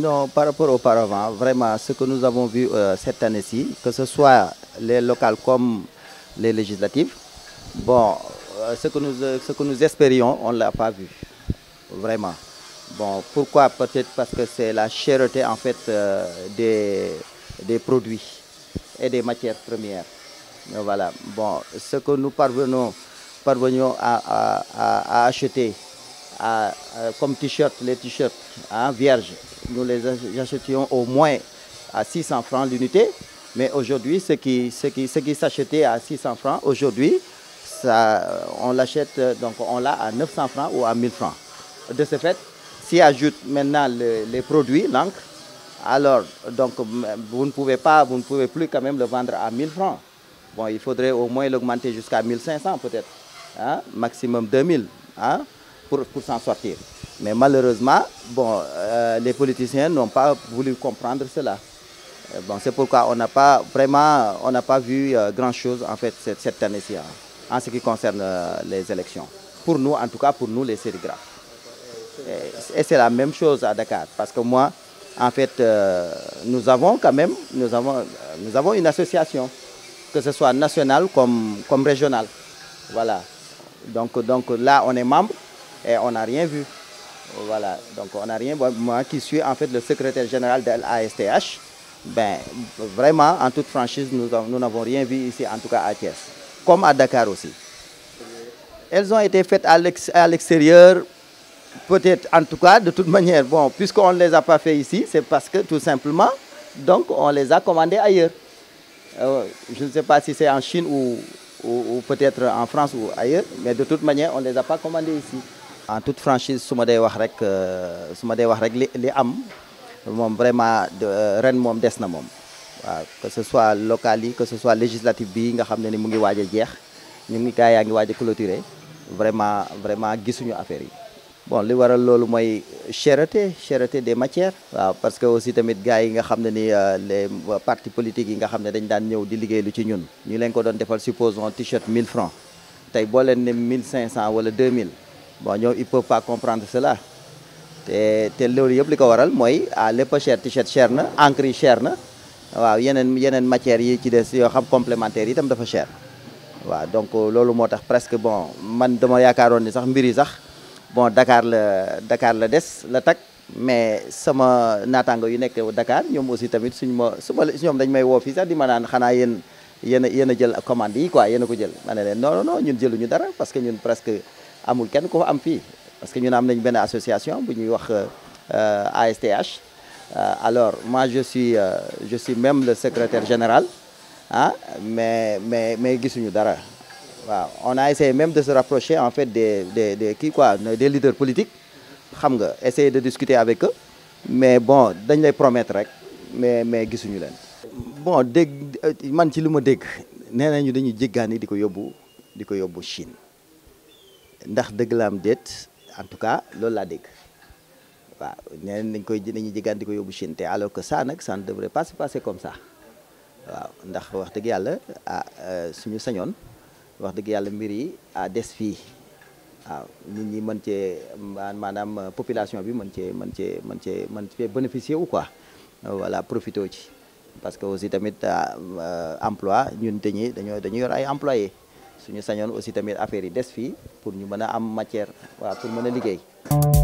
Non, par rapport auparavant, vraiment, ce que nous avons vu euh, cette année-ci, que ce soit les locales comme les législatives, bon, euh, ce, que nous, euh, ce que nous espérions, on ne l'a pas vu, vraiment. Bon, pourquoi Peut-être parce que c'est la chèreté, en fait, des, des produits et des matières premières. Voilà, bon, ce que nous parvenons, parvenions à, à acheter comme t-shirt, les t-shirts hein, vierges, nous les achetions au moins à 600 francs l'unité. Mais aujourd'hui, ce qui, ce qui, ce qui s'achetait à 600 francs, aujourd'hui, on l'achète, donc on l'a à 900 francs ou à 1000 francs. De ce fait, s'y ajoute maintenant les produits, l'encre, alors donc vous ne pouvez pas, vous ne pouvez plus quand même le vendre à 1000 francs. Bon, il faudrait au moins l'augmenter jusqu'à 1500 peut-être, hein, maximum 2000 pour, s'en sortir. Mais malheureusement, bon, euh, les politiciens n'ont pas voulu comprendre cela. Euh, bon, c'est pourquoi on n'a pas vraiment, on n'a pas vu euh, grand-chose en fait cette, année-ci hein, en ce qui concerne les élections. Pour nous, en tout cas pour nous les sérigraphes. Et, c'est la même chose à Dakar, parce que moi, en fait, nous avons quand même, nous avons, nous avons une association, que ce soit nationale comme, comme régionale. Voilà. Donc, donc là, on est membre, et on n'a rien vu. Voilà, donc on n'a rien. Moi qui suis en fait le secrétaire général de l'ASTH, ben, vraiment, en toute franchise, nous n'avons rien vu ici, en tout cas à Thiès, comme à Dakar aussi. Elles ont été faites à l'extérieur, peut-être, en tout cas, de toute manière. Bon, puisqu'on ne les a pas fait ici, c'est parce que tout simplement, donc on les a commandées ailleurs. Euh, je ne sais pas si c'est en Chine ou, ou, ou peut-être en France ou ailleurs, mais de toute manière, on ne les a pas commandées ici en toute franchise suma day wax rek euh, suma day wax rek li li am mom vraiment euh, ren mom des na mom que ce soit local que ce soit législatif, bi nga xamné ni mu ngi wajé jeex ñu ngi gaay yaa ngi clôturer vraiment vraiment gisuñu affaire yi bon li waral lolu moy cherté cherté des matières parce que aussi tamit gaay nga xamné ni euh, les partis politiques yi nga xamné dañ daan ñew di liggéey lu ci ñun ñu leen ko doon defal supposons t-shirt 1000 francs tay bo leen ne 1500 wala 2000 bon ñoom il peut pas comprendre cela te te loolu yëpp li waral mooy ah lépp a cher t-shirt cher na encre yi cher na waaw yeneen yeneen matières yi ci des yoo xam complémentaires yi itam dafa cher waaw donc loolu moo presque bon man dama yaakaaroon ni sax mbiri yi sax bon Dakar le Dakar le des la tak mais sama natango yu nekk Dakar ñoom aussi tamit suñu ma su ma ñoom dañ may woo fii sax di ma naan xanaa yéen yéen a yéen a jël commande yi quoi yéen a ko jël ma ne leen non non non ñun jëluñu dara parce que ñun presque amul kenn ko am fi parce que ñun am nañ benn association bu ñuy wax ASTH euh, euh, alors moi je suis euh, je suis même le secrétaire général ah mais mais mais gisuñu dara waaw on a essayé même de se rapprocher en fait des des des qui quoi des leaders politiques xam nga essayer de discuter avec eux mais bon dañ lay promettre rek mais mais gisuñu len bon dégg man ci luma ma nenañu nee nañu dañuy jéggaani diko yobbu yóbbu di Chine. ndax dëgg la am déet en tout cas loolu laa dégg waaw nee nañ koy dañuy jéggaan di ko yóbbu Chine te alors que ça nag ça ne devrait pas se passer comme ça waaw ndax wax dëgg yàlla ah euh, suñu sañoon wax dëgg yàlla mbir yi ah des fii waaw nit ñi mën cee maanaam euh, population bi mën cee mën cee mën cee mën cee bénéficier wu quoi voilà profité ci parce que aussi tamit ah, euh, emploi ñun dañuy dañoo dañu yor ay employés. suñu sañoon aussi tamit affaire yi des fii pour ñu mën am matière waaw pour mën liggéey